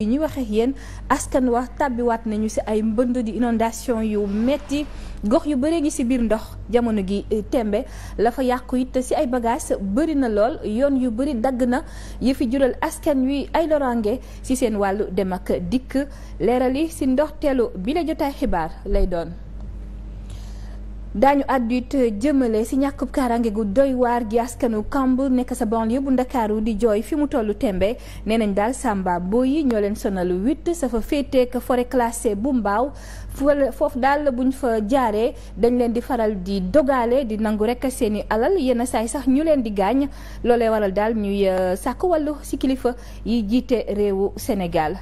yi ñuy wax ak yéen askan wa tàbbiwaat nañu ci ay mbënd di inondation yu metti gox yu bëree ngi ci biir ndox jamono gi eh, tembe la fa yàqu it ci ay bagages bëri na lool yoon yu bëri dagg na yi fi jural askan wi ay loraange ci seen wàllu dem ak dikk leeral yi ci ndox bi bila jotaay xibaar lay doon. daañu àddit jëmale si ñàkku kaaraange gu doy waar gi askanu kamb nekk sa banlieue bu ndakaaru di jooy fi mu tollu tembe nee nañ daal samba boo yi ñoo leen sonalu huit sa fa féeteek forêt classée bu mbaaw foofu daal buñ fa jaaree dañ leen di faral di dogaale di nangu rek seeni alal yenn saay sax ñu leen di gaañ loole waral daal ñuy euh, sàkk wàllu si kilifa yi jiite réewu senegal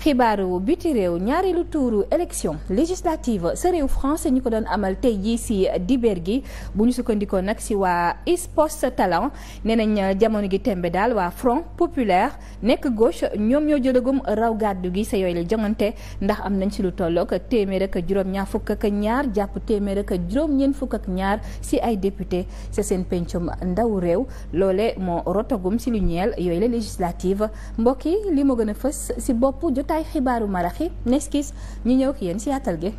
xibaaru biti réew ñaareelu tuuru élection législative sa réew France ñu ko doon amal tey jii si dibeer gi bu ñu sukkandikoo nag si waa ISPOS talent nee nañ jamono gi tembe daal waa Front Populaire nekk gauche ñoom ñoo jëlagum raw gàddu gi sa yooyu la jongante ndax am nañ si lu tollook téeméer ak juróom-ñaar fukk ñaar jàpp téeméer ak juróom-ñeent fukk ak ñaar si ay député sa seen pencum ndaw réew loole moo rotagum si lu ñeel yooyu la législative mbokk jotaay xibaaru marax yi neskis ñu ñëw ak yéen si gi.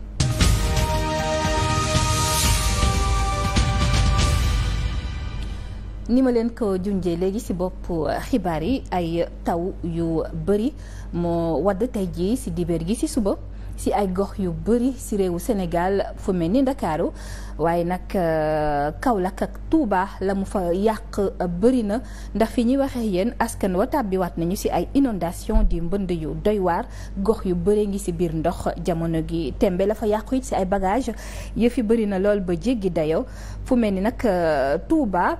ni ma leen ko junjee léegi ci bopp xibaar yi ay taw yu bari moo wadd tey ji ci dibeer gi ci suba. ci ay gox yu bëri ci réewu Sénégal fu mel ni Ndakaaru waaye nag euh, Kaolack ak Touba la mu fa yàq euh, bëri na ndax fi ñuy waxee yéen askan wa tàbbiwaat nañu ci ay inondation di mbënd yu doywaar gox yu bëri ngi ci biir ndox jamono gi tembe la fa yàqu it ci ay bagage yëf yi bëri na lool ba jéggi dayoo fu mel ni nag euh, Touba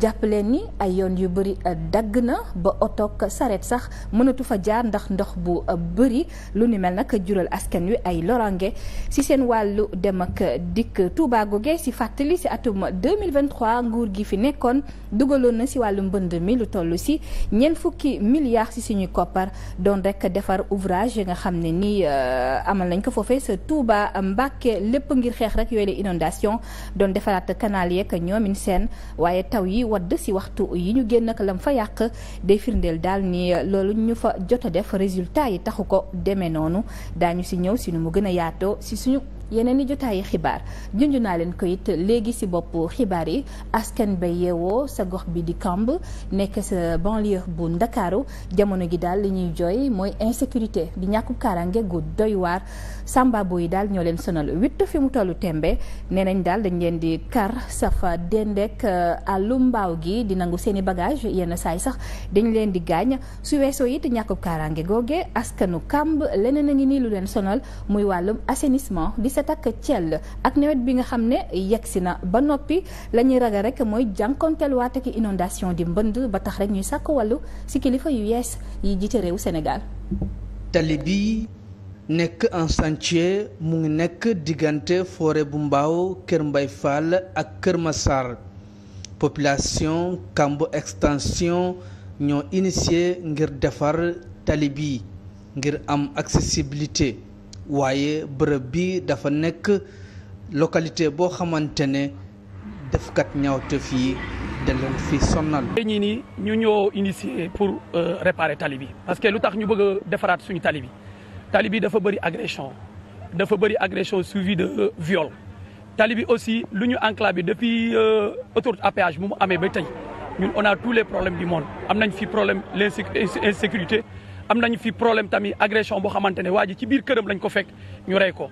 jàpp leen ni ay yoon yu bëri euh, dagg na ba otoog saret sax mënatu fa jaar ndax ndox bu euh, bëri lu ni mel nag jural askan wi ay lorange si seen wàllu dem ak dikk Touba goge si fàttali si atum 2023 nguur gi fi nekkoon dugaloon na si wàllu mbënd mi lu toll si ñeent fukki milliards si suñuy koppar doon rek defar ouvrage yi nga xam ne nii euh, amal nañ ko foofee sa Touba Mbàkke lépp ngir xeex rek yooyu la inondation doon defaraat canal yeeg ñoomin seen waaye yi wadd si waxtu yi ñu génn ak lam fa yàq day firndeel daal ni loolu ñu fa jot a def résultat yi taxu ko demee noonu daañu si ñëw si nu mu gën a yaatoo si suñu yeneen i jotaayi xibaar junj naa leen ko it léegi si bopp xibaar yi askan ba yeewoo sa gox bi di kamb nekk sa banlieue bu ndakaaru jamono gi daal li ñuy jooy mooy insécurité di ñàkku kaaraange gu doy waar sàmbaabo yi daal ñoo leen sonal witt fi mu tollu tembe nee nañ daal dañ leen di kar safa dendek euh, àllu mbaaw gi di nangu seeni bagage yenn saay sax dañ leen di gaañ su weesoo it ñàkku kaaraange googe askanu kamb leneen a ngi nii lu leen sonal muy wàllum assainissement set ak cell ak nawet bi nga xam ne yegg si na ba noppi la ñuy ragal rek mooy jànkonteel waate ki inondation di mbënd ba tax rek ñuy sàkk wallu ci kilifa yu yees yi jiite réew Sénégal tali bi nekk en chantier mu ngi nekk diggante foore bu mbaaw Kër Mbay Fall ak Kër Massar population Kamb extension ñoo initié ngir defar tali bi ngir am accessibilité waaye bërëb bi dafa nekk localité boo xamante ne defkat ñaawteef yi da leen fi sonal. ñii nii ñu ñoo initié pour euh, réparer tali bi parce que lu tax ñu bëgg a defaraat suñu tali bi tali bi dafa bëri agression dafa bëri agression suivi de euh, viol tali bi aussi lu ñu enclave bi depuis euh, autoroute à péage bu mu amee ba tey ñun on a tous les problèmes du monde am nañ fi problème l'insécurité am nañu fi problème tamit agression boo xamante ne waa ji ci biir këram lañ ko fekk ñu rey ko.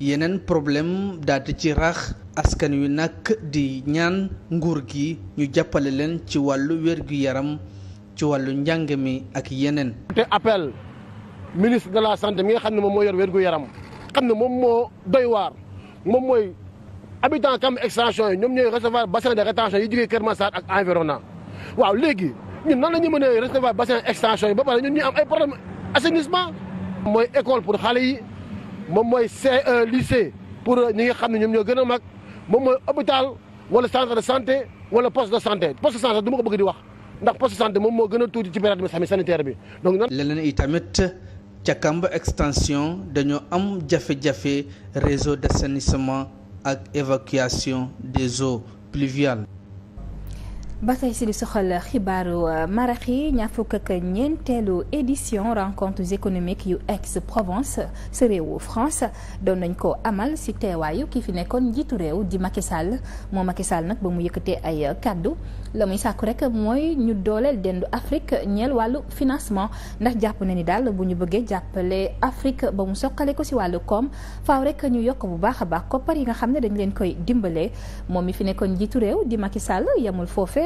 yeneen problème daldi ci rax askan wi nag di ñaan nguur gi ñu jàppale leen ci wàllu wér yaram ci wàllu njàng mi ak yeneen. appel ministre de la santé mi nga xam ne moom moo yor wér yaram xam ne moom moo doy waar moom mooy habitant kam extension yi ñoom ñooy recevoir bassin de rétention yi jógee Kër Massar ak environnant waaw léegi. ñun nan la ñu mën a recevoir bassin extension yi ba pare ñun ñu am ay problème assainissement. mooy école pour xale yi moom mooy C1 e, lycée pour ñi nga xam ne ñoom ñoo gën a mag moom mooy hôpital wala centre de santé wala poste de santé poste de santé du ma ko bëgg di wax ndax poste de santé moom moo gën a tuuti ci période mi sanitaire bi donc. leneen i tamit ca Kamba extension dañoo am jafe-jafe réseau d'assainissement ak évacuation des eaux pluviales. ba tey si li soxal xibaaru euh, marax yi ñaar fukk ak ñeenteelu édition rencontres économiques yu Aix-Provence sa réewu France doon nañ ko amal si teewaayu ki fi nekkoon njiitu réew di Macky Sall moo Macky Sall nag ba mu yëkkatee ay kàddu la muy sàkku rek mooy ñu dooleel dendu Afrique ñeel wàllu financement ndax jàpp na ni daal bu ñu bëggee jàppale Afrique ba mu soqale ko si wàllu koom faaw rek ñu yokk bu baax a baax koppar yi nga xam ne dañ leen koy dimbalee moom mi fi nekkoon njiitu réew di Macky Sall yemul foofee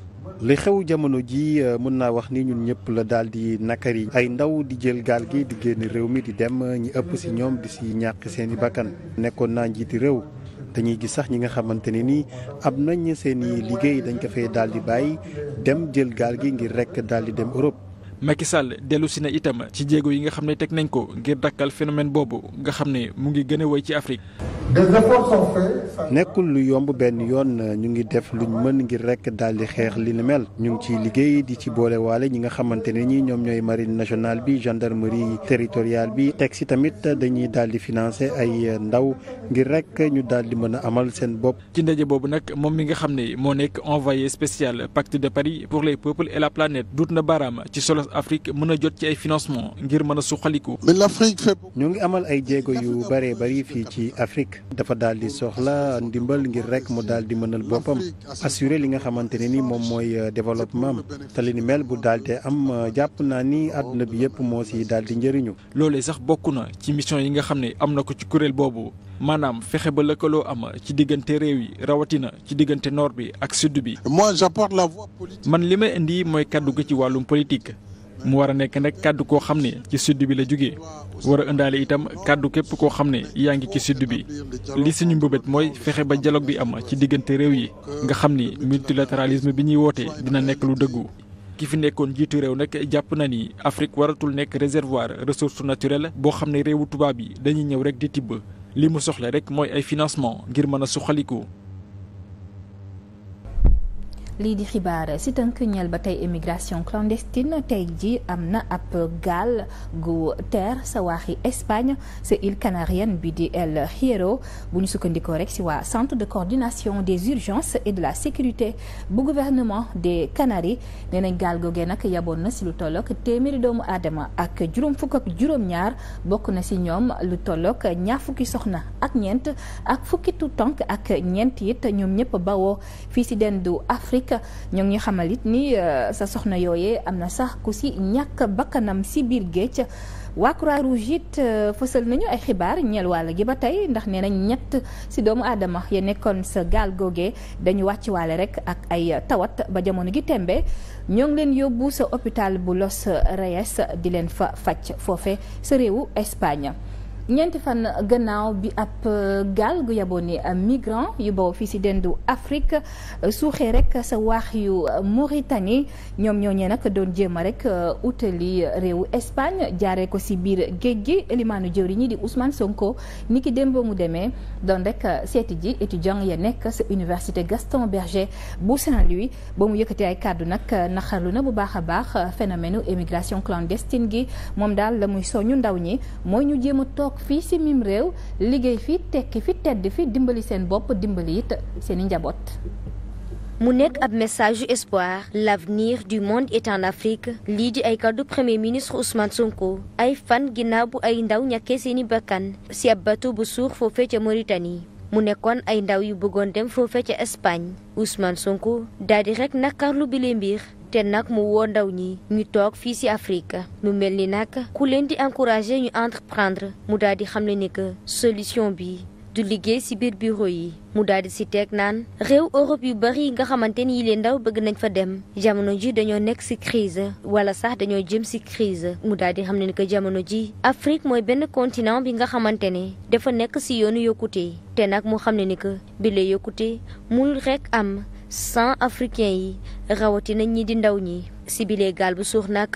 li xew jamono ji euh, mën naa wax ni ñun ñëpp la daal di yi ay ndaw di jël gaal gi di génn réew mi di dem ñi ëpp si ñoom di si ñàkk seen i bakkan nekkoon naa njiiti réew dañuy gis sax ñi nga xamante ne nii am nañ seen i liggéey dañ ko fay daal di bàyyi dem jël gaal gi ngir rek daal di dem Europe Macky Sall dellu si na itam ci jéego yi nga xam ne teg nañ ko ngir dakkal phénomène boobu nga xam ne mu ngi gën a woy ci Afrique. nekkul lu yomb benn yoon ñu ngi def luñ mën ngir rek daal di xeex li ni mel ñu ngi ciy liggéey di ci boole waale ñi nga xamante ne ñi ñoom ñooy marine nationale bi gendarmerie teritoriale bi teg si tamit dañuy daal di financer ay ndaw ngir rek ñu daal di mën a amal seen bopp. ci ndaje boobu nag moom mi nga xam ne moo nekk envoyé spécial pacte de Paris pour les la Afrique mën a jot ci ay financement ngir mën a suqaliku. mais l'Afrique fépp. ñu ngi amal ay jéego yu bëree bari fii ci Afrique. dafa daal di soxla ndimbal ngir rek mu daal di mënal boppam assurer li nga xamante ne ni moom mooy euh, développement am te mel bu daal am euh, jàpp naa ni àdduna bi yëpp moo si daal di njëriñu. loolee sax bokk na ci mission yi nga xam ne am na ko ci kuréel boobu. maanaam fexe ba lëkkaloo am ci diggante réew yi rawatina ci diggante noor bi ak sud bi. man li may indi mooy kàddu ci wàllum politique. mu war a nekk nag kàddu koo xam ne ci sud bi la jógee war a ëndaale itam kàddu képp koo xam ne yaa ngi ci sud bi li suñu mbëbët mooy fexe ba dialogue bi am ci diggante réew yi nga xam ni multilatéralisme bi ñuy woote dina nekk lu dëggu ki fi nekkoon jiitu réew nag jàpp na ni Afrique waratul nekk reservoir ressource naturelle boo xam ne réewu tubaab yi dañuy ñëw rek di tibb li mu soxla rek mooy ay financement ngir mën a suqaliku lii di xibaar si tënk ñeel ba tey immigration clandestine tey ji am na ab gaal gu teer sa waaxi Espagne sa île canarienne bi di El Hierro bu ñu sukkandikoo rek si waa centre de coordination des urgences et de la sécurité bu gouvernement de Canaries nee gaal googee nag yaboon na si lu tollook téeméeri doomu aadama ak juróom fukk ak juróom-ñaar bokk na si ñoom lu tollook ñaar fukki soxna ak ñeent ak fukki tuut ak ñeent it ñoom ñëpp bawoo fii si tamit ñoo ngi xamal it ni euh, sa soxna yooyee am na sax ku si ñàkk bakkanam si biir géej waa Croix-Rouge it euh, fësal nañu ay xibaar ñeel wàll gi ba tey ndax nee nañ ñett si doomu aadama ya nekkoon sa gaal googee dañu wàcc waale rek ak ay tawat ba jamono gi tembe ñoo ngi leen yóbbu sa hôpital bu Los Reyes di leen fa faj foofe sa réewu Espagne ñeenti fan gannaaw bi ab euh, gaal gu yeboon ni euh, migrant yu bawoo fii si dendu Afrique euh, suuxee rek sa waax yu Mauritanie ñoom ñooñee nag doon jéem a rek utali réewu Espagne jaaree ko si biir géej gi limaanu jëwri ñi di Ousmane Sonko ni ki ba mu demee doon rek seeti ji étudiant ya nekk sa université Gaston Berger bu Saint-Louis ba mu yëkkati ay kàddu nag naxarlu na bu baax a baax phénomène émigration clandestine gi moom daal la muy soñu ndaw ñi mooy fii si mim réew liggéey fi tekki fi tedd fi dimbali seen bopp dimbali it seeni njaboot. mu nekk ab message espoir l'avenir du monde est en Afrique lii di ay kàddu premier ministre Ousmane Sonko ay fan ginnaaw bu ay ndaw ñàkkee seeni bakkan si ab bu suux foofee ca Mauritanie mu nekkoon ay ndaw yu bëggoon dem foofee ca Espagne Ousmane Sonko daal di rek nakarlu bile mbir. te nag mu woo ndaw ñi ñu toog fii ci Afrique mu mel ni nag ku leen di encourager ñu entreprendre mu daal di xam ne ni que solution bi du liggéey ci biir bureau yi mu daal di ci teg naan réew Europe yu bari yi nga xamante ni yile ndaw bëgg nañ fa dem jamono ji dañoo nekk ci crise wala sax dañoo jëm ci crise mu daal di xam ne ni que jamono ji Afrique mooy benn continent bi nga xamante ne dafa nekk ci yoonu yokkute te nag mu xam ne ni que bi yokkute mul rekk cent africains yi rawatina ñi di ndaw ñi si bilee gaal bu suur nag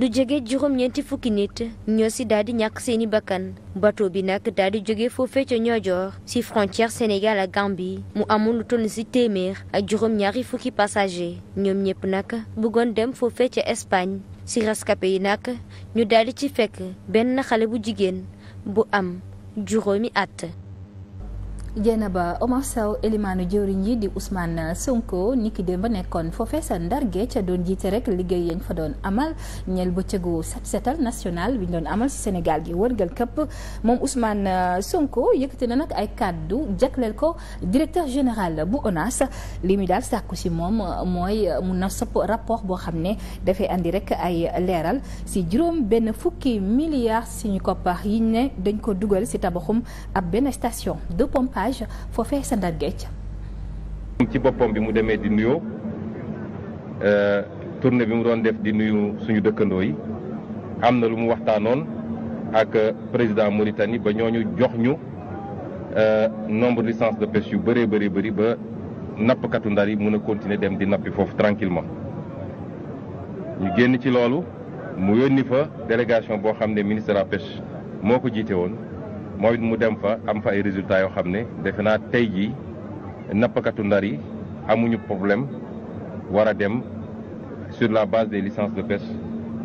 lu jóge juróom-ñeenti fukki nit ñoo si daal di ñàkk seeni bakkan bato bi nag daal di jóge foofee ca Niodior ci frontière Sénégal ak Gambie mu amul lu toll si téeméer ak juróom-ñaari fukki passager ñoom ñëpp nag bëggoon dem foofee ca Espagne si rescapé yi nag ñu daal di ci fekk benn xale bu jigéen bu am juróomi at. Dieynaba Omar Sow elimaanu jëwriñ yi di Ousmane Sonko niki démb nekkoon foofee sa ndarge ca doon jiite rek liggéey yañ fa doon amal ñeel bëccëgu set setal national bi ñu doon amal si Sénégal gi wërgal këpp moom Ousmane Sonko yëkkati na nag ay kàddu jagleel ko directeur général bu ONAS li mu daal sàkku si moom mooy mun na sopp rapport boo xam ne dafay andi rek ay leeral si juróom benn fukki milliards suñu koppar yi ne dañ ko dugal si tabaxum ab benn station barrage foofee sa Ndar ci boppam bi mu demee di nuyoo euh, tournée bi mu doon def di nuyu suñu dëkkandoo yi am na lu mu waxtaanoon ak président Mauritanie ba ñoo ñu jox ñu euh, nombre de licence de pêche yu bëree bëri bëri ba nappkatu ndar yi mun a continuer dem di nappi foofu tranquillement ñu génn ci loolu mu yónni fa délégation boo xam ne ministre de la pêche moo ko jiite woon mooy mu dem fa am fa ay résultat yoo xam ne defe naa tey jii nappkatu ndar yi amuñu problème war a dem sur la base des licences de pêche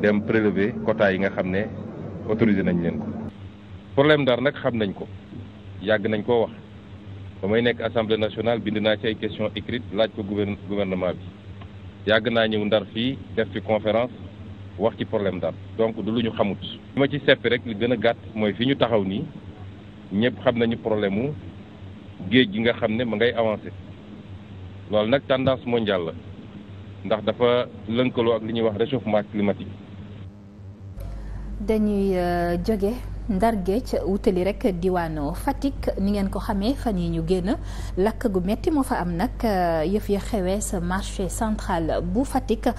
dem prélever quota yi nga xam ne autorisé nañ leen ko. problème ndar nag xam nañ ko yàgg nañ koo wax ba may nekk assemblée nationale bind naa ci ay questions écrites laaj ko gouvernement bi yàgg naa ñëw ndar fii def ci conférence wax ci problème ndar donc du lu ñu xamut. li ma ci seppi rek lu gën a gàtt mooy fi ñu taxaw nii. ñëpp xam nañu problème mu géej gi nga xam ne ma ngay avancé loolu nag tendance mondiale la ndax dafa lënkaloo ak li ñuy wax réchauffement climatique. dañuy euh, jóge Ndar Géej wutali rek diwaanu Fatick ni ngeen ko xamee fan yi ñu génn lakk gu metti moo fa am nag euh, yëf ya xewee sa marché central bu Fatick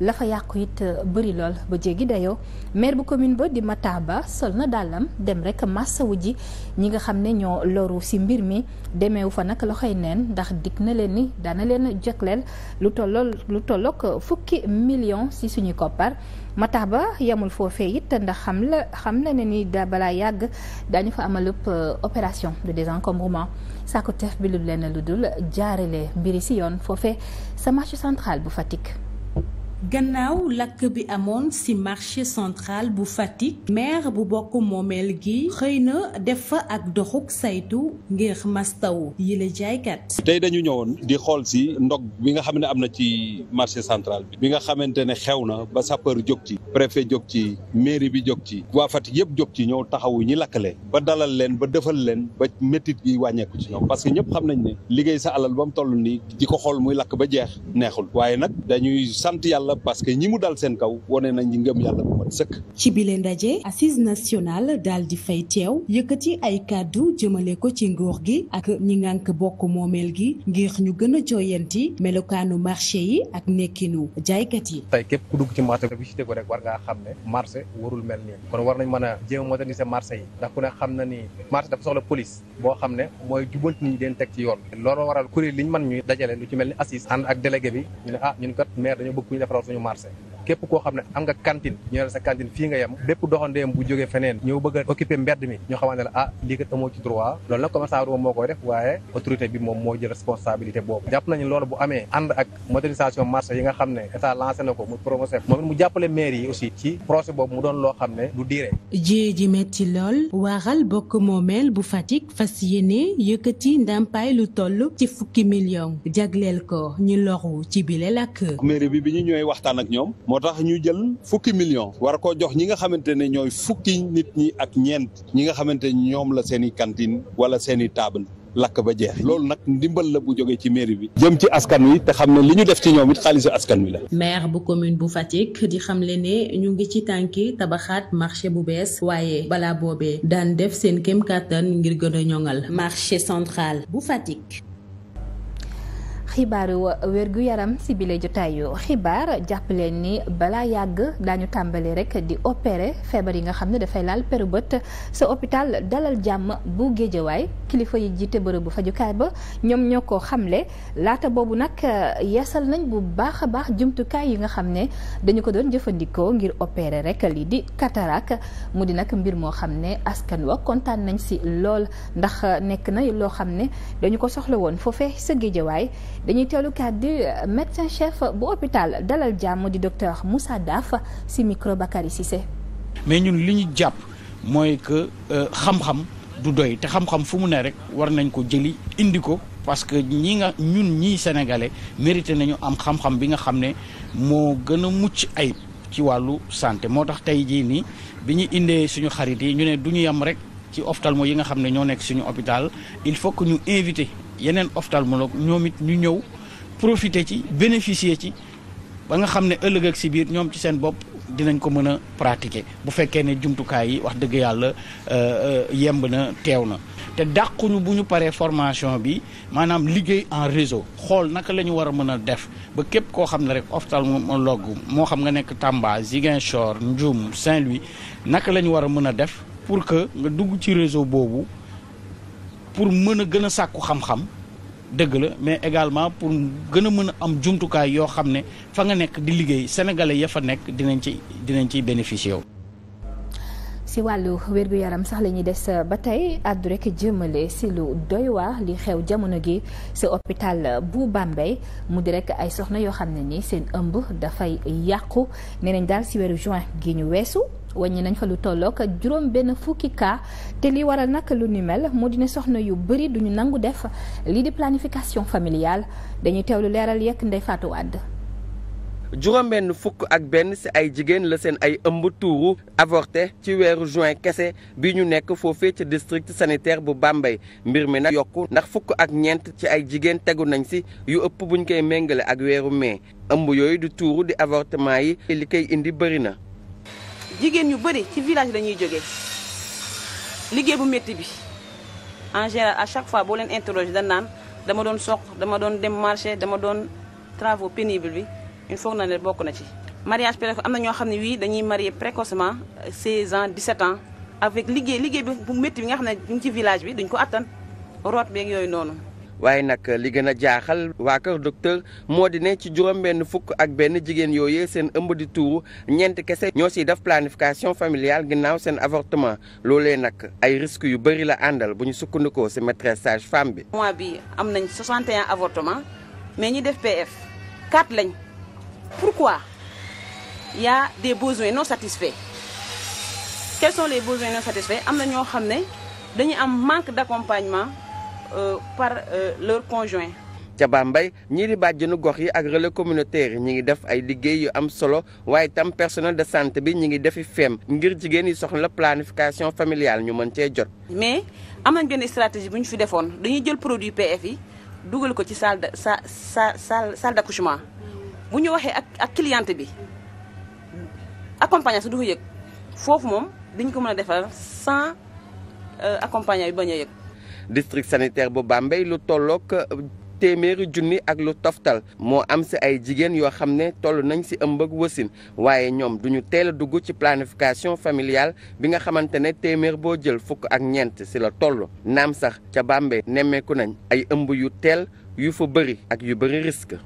la fa yàqu it euh, bëri lool ba jéggi dayoo maire bu commune ba di Matar Ba sol na dàllam dem rek massawu ji ñi nga xam ne ñoo loru si mbir mi demeewu fa nag loxoy neen ndax dig na leen ni dana leen jëkleel lu tolloo lu tollook fukki million si suñu koppar Matar Ba yemul foofee it ndax xam la xam na ne ni da balaa yàgg daañu fa amalub euh, opération de désencombrement sàkku teef bi lu leen lu dul jaarale mbiri si yoon foofee sa marché central bu Fatick. gannaaw lakk bi amoon ci marché central bu Fatick maire bu bokk moomeel gi xëy na def fa ak doxuk saytu ngir mastaw yi la jaaykat tey dañu ñëwoon di xool si ndog bi nga xam ne am na ci marché central bi bi nga xamante ne xew na ba sapeur jóg ci préfet jóg ci mairie bi jóg ci waa Fatick yëpp jóg ci ñëw taxawu ñi lakkale ba dalal leen ba defal leen ba métit gi wàññeeku ci ñoom parce que ñëpp xam nañ ne liggéey sa alal ba mu toll nii di ko xool muy lakk ba jeex neexul yàlla que ñi mu dal seen kaw wane nañ ñi ngëm yàlla bu mat sëkk. ci bile ndaje assise nationale daal di fay teew yëkkati ay kàddu jëmale ko ci nguur gi ak ñi ngànk bokk moomeel gi ngir ñu gën a jooyanti melokaanu marché yi ak nekkinu jaaykat yi. tey képp ku dugg ci marché bi visité ko rek war ngaa xam ne marché warul mel nii kon war nañ mën a jéem a moderniser marché yi ndax ku ne xam na ni marché dafa soxla police boo xam ne mooy jubanti nit ñu leen teg ci yoon loolu waral kuréel liñ mën ñuy dajale lu ci mel ni assise ànd ak délégué defaral suñu marché képp koo xam ne am nga cantine ñu ne la sa cantine fii nga yem bépp doxandeem bu jógee feneen ñëw bëgg a occupé mbedd mi ñoo xamante ne la ah lii ci droit loolu nag commerçant bi moom moo koy def waaye autorité bi moom moo jël responsabilité boobu jàpp nañu loolu bu amee ànd ak modernisation marché yi nga xam ne état lancé na ko mu promosé moom mu jàppale maire yi aussi ci projet boobu mu doon loo xam ne du diire jiyee ji metti lool waaral bokk moomeel bu Fatick fas yéene yëkkati ndàmpaay lu toll ci fukki million jagleel ko ñu loru ci bile lakk mairie bi bi ñu ñëwee waxtaan ak ñoom moo tax ñu jël fukki million wara koo jox ñi nga xamante ne ñooy fukki nit ñi ak ñeent ñi nga xamante ne ñoom la seeni i cantine wala seen i lakk ba jeex loolu nag ndimbal la bu jógee ci mairie bi. jëm ci askan wi te xam ne li ñu def ci ñoom it xaalisu askan wi la. maire bu commune bu Fatick di xamle ne ñu ngi ci tànki tabaxaat marché bu bees waaye balaa boobee daan def seen kéem kàttan ngir gën a ñoŋal marché central bu Fatick. xibaaru gu yaram si bile jotaayu xibaar jàpp leen ni balaa yàgg daañu tàmbali rek di opérer feebar yi nga xam ne dafay laal peru bët sa hôpital dalal jàmm bu géejawaay kilifa yi jiite bërëbu fajukaay ba ñoom ñoo ko xamle laata boobu nag yeesal nañ bu baax a baax jumtukaay yi nga xam ne dañu ko doon jëfandikoo ngir opérer rek lii di cataracte mu di nag mbir moo xam ne askan wa kontaan nañ si lool ndax nekk na loo xam ne dañu ko soxla woon dañuy teelu kàddu euh, médecin chef bu hôpital dalal jàmm di docteur Moussa Daf si micro Bakary Cissé mais ñun li ñu jàpp mooy que euh, xam-xam du doy te xam-xam fu mu ne rek war nañ ko jëli indi ko parce que ñi nga ñun ñii sénégalais mérité nañu am xam-xam bi nga xam ne moo gën a mucc ayib ci wàllu santé moo tax tey jii nii bi ñu indee suñu xarit yi ñu ne duñu ñu yam rek ci ophtalmo yi nga xam ne ñoo nekk suñu hôpital il faut que ñu invité yeneen ophtalmologue ñoom it ñu ñëw profité ci bénéficier ci ba nga xam ne ëllëg ak si biir ñoom ci seen bopp dinañ ko mën a pratiquer bu fekkee ne jumtukaay yi wax dëgg yàlla euh, euh, yemb na teew na. te dàquñu bu ñu paree formation bi maanaam liggéey en réseau xool naka la ñu war a mën a def ba képp koo xam ne rek ophtalmologue moo xam nga nekk Tamba Ziguinchor Ndioum Saint-Louis naka la ñu war a mën a def. pour que nga dugg ci réseau boobu pour mën a gën a sàkku xam-xam dëgg la mais également pour gën a mën a am jumtukaay yoo xam ne fa nga nekk di liggéey sénégalais ya fa nekk dinañ ci dinañ ciy bénéficier wu. si wàllu wér gu yaram sax lañuy des euh, ba tey àddu rek jëmale si lu doy waa li xew jamono gi si hôpital bu Bambey mu di rek ay soxna yoo xam ne ni seen ëmb dafay yàqu nee nañ daal si weeru juin gi ñu weesu. wàññi nañ fa lu tollook juróom benn fukki cas te li waral naka lu ni mel moo dina soxna yu bëri duñu nangu def lii di planification familiale dañuy teewlu leeral yekk Ndeye Fatou Wade juróom-benn fukk ak benn ci ay jigéen la seen ay ëmb tuuru avorté ci weeru juin kese bi ñu nekk foofee ci district sanitaire bu bambay mbir mi nag yokk ndax fukk ak ñeent ci ay jigéen tegu nañ si yu ëpp buñ koy méngale ak weeru mai ëmb yooyu di tuuru di avortement yi li koy indi bëri na jigéen ñu bëri ci village dañuy jógee liggéey bu métti bi en général à chaque fois boo leen interroger dañ naan dama doon soq dama doon dem marché dama doon travaux pénible bi il faut na leen bokk na ci. mariage précoce am na ñoo xam ne wii dañuy marie précocement 16 ans 17 ans avec liggéey liggéey bi bu métti bi nga xam ne ñu ci village bi duñ ko attan root beeg yooyu noonu. waaye nag li gën a jaaxal waa kër docteur moo di ne ci juróom-benn fukk ak benn jigéen yooyee seen ëmb di tuuru ñeent kese ñoo siy def planification familiale ginnaaw seen avortement loolee nag ay risques yu bëri la àndal bu ñu sukkandikoo si maîtresse sage femme bi. mois bi am nañ 61 avortement mais ñi def PF 4 lañ pourquoi il y a des besoins non satisfaits quels sont les besoins non am na ñoo xam ne dañu am manque d'accompagnement. Euh, par euh, leur conjoint. ca mbay ñii di bàjjenu gox yi ak relais communautaire yi ñu ngi def ay liggéey yu am solo waaye tam personnel de santé bi ñu ngi defi feem ngir jigéen yi soxla planification familiale ñu mën cee jot. mais am nañ benn stratégie bu ñu fi defoon dañuy jël produit PF yi dugal ko ci salle de sa sa salle d'accouchement bu ñu waxee ak ak cliente bi accompagner su du ko yëg foofu moom dañ ko mën a defar sans euh, accompagner bi bañ a district sanitaire bu Bambey lu tollook euh, téeméeri junni ak lu toftal moo am si ay jigéen yoo xam ne toll nañ si ëmb ak wasin waaye ñoom duñu teel a dugg ci planification familiale bi nga xamante ne téeméer boo jël fukk ak ñeent si la toll naam sax ca Bambey nemmeeku nañ ay ëmb yu teel yu fa bari ak yu bëri risque.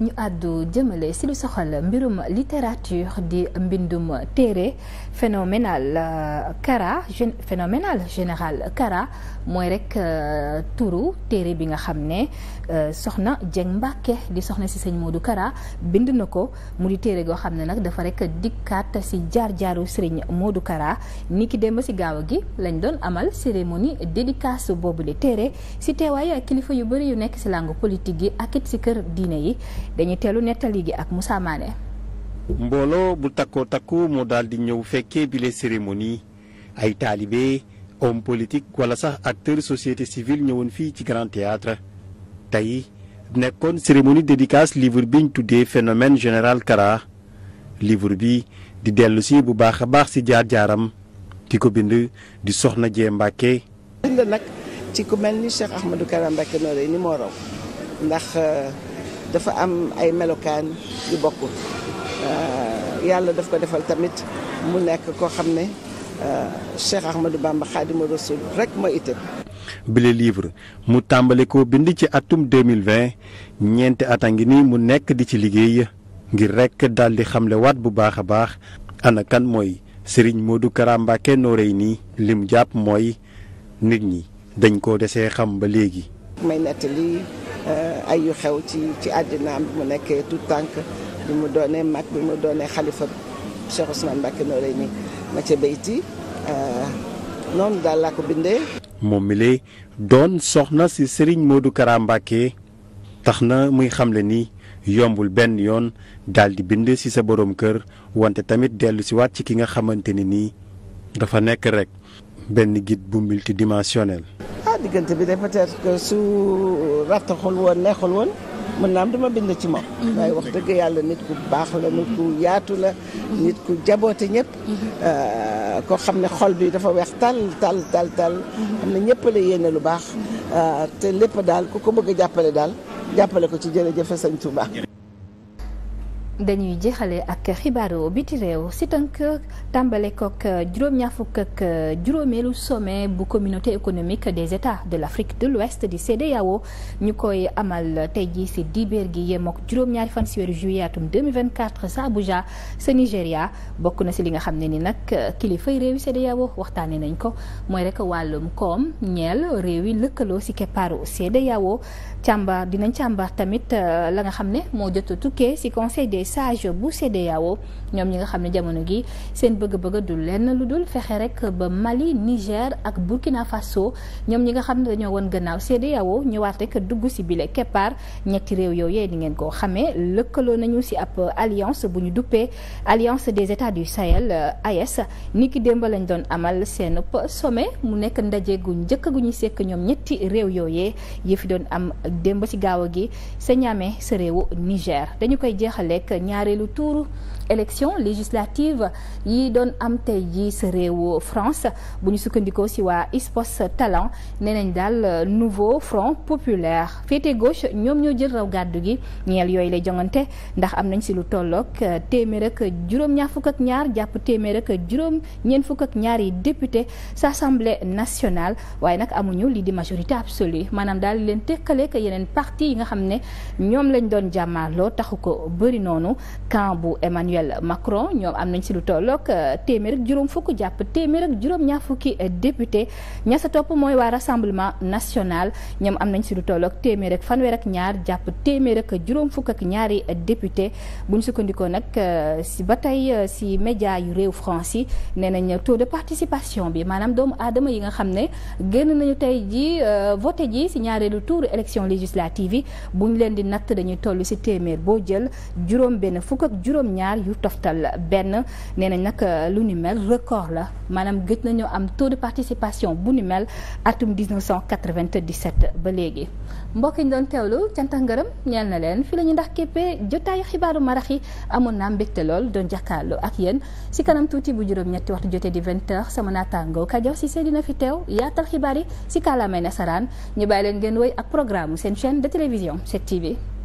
ñu àddu jëmale si lu soxal mbirum littérature di mbindum téere phénoménal euh, Kara gén phénoménal général Kara mooy rek euh, turu téere bi nga xam ne euh, soxna Dieng Mbacke di soxna si sëñ Modou Kara bind na ko mu di téere goo xam ne nag dafa rek dikkaat si jaar-jaaru sëriñ Modou Kara ni ki démb si gaaw gi lañ doon amal cérémonie dédicace boobu di téere si teewaay kilifa yu bëri yu nekk si langue politique yi ak it si kër diine yi dañuy teelu nettali gi ak Moussa mbooloo bu takkoo takku moo daal di ñëw fekkee bile cérémonie ay taalibe homme politique wala sax acteur société civile ñëwoon fii ci grand théâtre tey nekkoon cérémonie dédicace livre bi ñu tuddee phénomène général Kara livre bi di dellu si bu baax a baax si jaar-jaaram di ko bind di soxna Jee Mbàkke bind nag ci ku mel ndax euh, dafa am ay melokaan yu bokkul Euh, yàlla daf ko defal tamit mu nekk koo xam ne euh, Cheikh Ahmadou Bamba Khadimou Rassoul rek mooy itam. bile livre mu tàmbali ko bind ci atum 2020 ñeenti at a ngi nii mu nekk di ci liggéey ngir rekk daal di xamle waat bu baax a baax ana kan mooy Serigne Modou Kara Mbacké Noreyni lim jàpp mooy nit ñi dañ koo desee xam ba léegi. may nettali euh, ay xew ci ci àddinaam bi mu nekkee tout tànk bi mu doonee mag bi mu doonee xalifa Cheikh Ousmane Mbacké Noreyni Mathia Beyti euh, noonu daal laa ko bindee. moom mi lay doon soxna si Serigne Modou Kara Mbacké tax na muy xamle ni yombul benn yoon daal di bind ci sa boroom kër wante tamit dellu si waat ci ki nga xamante ni nii dafa nekk rek benn guide bu multidimensionnel. ah diggante bi de peut que su rataxul woon neexul woon. mën naa am dama bind ci moom. Mhm. waaye wax dëgg yàlla nit ku baax la nit ku yaatu la. nit ku jaboote ñëpp. Mhm. Euh, koo xam ne xol bi dafa weex tal tal tal tal. Mhm. xam ne ñëpp la yéene lu baax. Euh, te lépp daal ku ko bëgg jàppale daal jàppale ko ci jërëjëf sëñ Touba. dañuy jeexale ak xibaaru biti réew si tënk tàmbale kook euh, juróom-ñaar fukk ak euh, juróomeelu sommet bu communauté économique des états de l' Afrique de l'Ouest di CEDEAO ñu koy amal tey jii si dibeer gi yem ak juróom-ñaari fan si weeru juillet atum 2024 sa Abuja sa Nigéria bokk na si li nga xam ne ni nag euh, kilifay réew yi CEDEAO waxtaane nañ ko mooy rek wàllum koom ñeel réew yi lëkkaloo si keppaaru CEDEAO càmbar dinañ càmbar tamit la nga xam ne moo jot si conseil sage bu CEDEAO ñoom ñi nga xam ne jamono gi seen bëgg-bëgg du lenn lu dul fexe rek ba Mali Niger ak Burkina Faso ñoom ñi nga xam ne dañoo woon gannaaw CEDEAO ñëwaat rek dugg si bile keppaar ñetti réew yooyu di ngeen koo xamee lëkkaloo nañu si ab alliance bu ñu duppee alliance des états du Sahel AES nit ki démb lañ doon amal seen sommet mu nekk ndaje gu njëkk gu ñu sekk ñoom ñetti réew yooyee yi fi doon am démb ci gaaw gi sa ñaareelu tuuru élection législative yi doon am tey ji sa réew France bu ñu sukkandikoo si waa ISPOS Talent nee nañ daal nouveau front populaire féete gauche ñoom ñoo jël raw gàddu gi ñeel yooyu lay jongante ndax am nañ si lu tollook euh, téeméer ak juróom-ñaar fukk ak ñaar jàpp téeméer juróom ñeent fukk ak ñaar yi député sa assemblée nationale waaye nag amuñu lii di majorité absolue maanaam daal leen tekkaleek yeneen parti yi nga xam ne ñoom lañ doon jàmmaarloo taxu ko bëri noonu camp bu Emmanuel Emmanuel Macron ñoom am nañ si lu tolloog euh, téeméer ak juróom fukk jàpp téeméer ak ñaar fukki euh, député ña sa topp mooy waa rassemblement national ñoom am nañ si lu tolloog téeméer ak fanweer ak ñaar jàpp téeméer ak juróom fukk ak ñaari euh, député bu ñu sukkandikoo nag si ba tey si média yu réew France yi nee nañ taux de participation bi maanaam doomu aadama yi nga xam ne génn nañu tey ji voté ji si ñaareelu tour élection législative yi bu ñu leen di natt dañuy toll si téeméer boo jël yu la benn nee nañ nag euh, lu ni mel record la maanaam gëj nañoo am taux de participation bu ni mel atum 1997 ba léegi mbokk ñu doon teewlu cant ak ngërëm ñeel na leen fii la ñu ndax képpee jotaayu xibaaru marax yi amoon naa mbégte lool doon jàkkaarloo ak yéen si kanam touti bu juróom-ñetti waxtu jotee di 20 heures sama naataangoo Kajoor Cissé dina fi teew yaatal xibaar yi si kàllaamay nasaraan ñu bàyyi leen ngeen woy ak programme seen chaîne de télévision 7TV